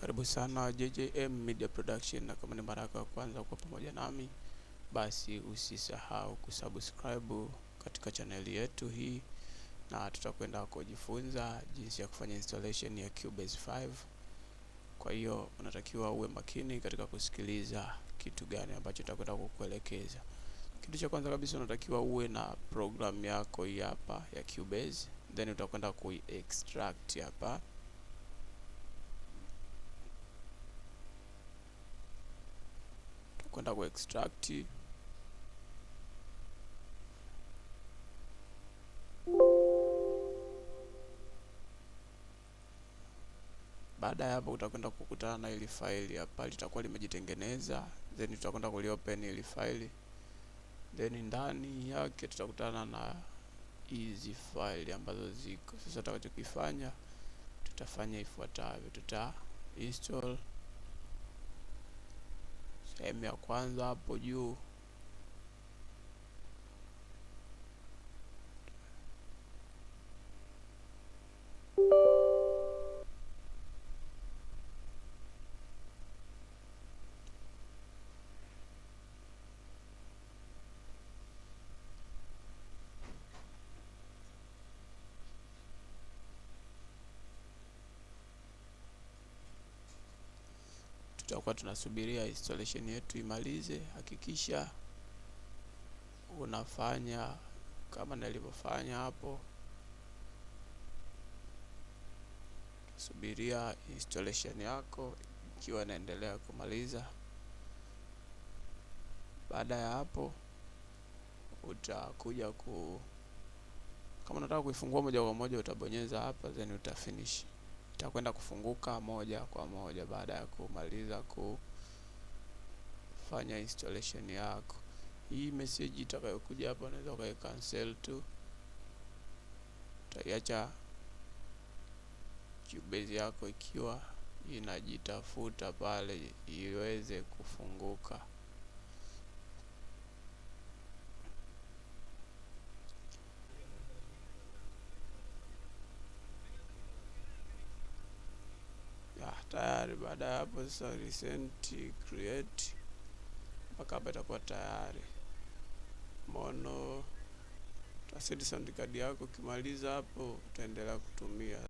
Karibu sana JJM Media Production, na kama ni mara yako ya kwanza kuwa pamoja nami, basi usisahau kusubscribe katika chaneli yetu hii, na tutakwenda kujifunza jinsi ya kufanya installation ya Cubase 5. Kwa hiyo unatakiwa uwe makini katika kusikiliza kitu gani ambacho tutakwenda kukuelekeza. Kitu cha kwanza kabisa unatakiwa uwe na program yako hii hapa ya Cubase, then utakwenda kuiextract hapa kwenda ku extract Baada ya hapo utakwenda kukutana na ili faili hapa, litakuwa limejitengeneza, then tutakwenda kuliopen ili faili, then ndani yake tutakutana na hizi faili ambazo ziko sasa. Tutakachokifanya tutafanya ifuatavyo, tuta install sehemu ya kwanza hapo juu. tutakuwa tunasubiria installation yetu imalize. Hakikisha unafanya kama nilivyofanya hapo, subiria installation yako ikiwa inaendelea kumaliza. Baada ya hapo, utakuja ku, kama unataka kuifungua moja kwa moja utabonyeza hapa, then utafinish itakwenda kufunguka moja kwa moja baada ya kumaliza kufanya installation yako. Hii message itakayokuja hapa unaweza ukai cancel tu, utaiacha Cubase yako ikiwa inajitafuta pale iweze kufunguka. tayari. Baada ya hapo sasa recent create mpaka hapa itakuwa tayari mono. Utaseti sound card yako, ukimaliza hapo utaendelea kutumia.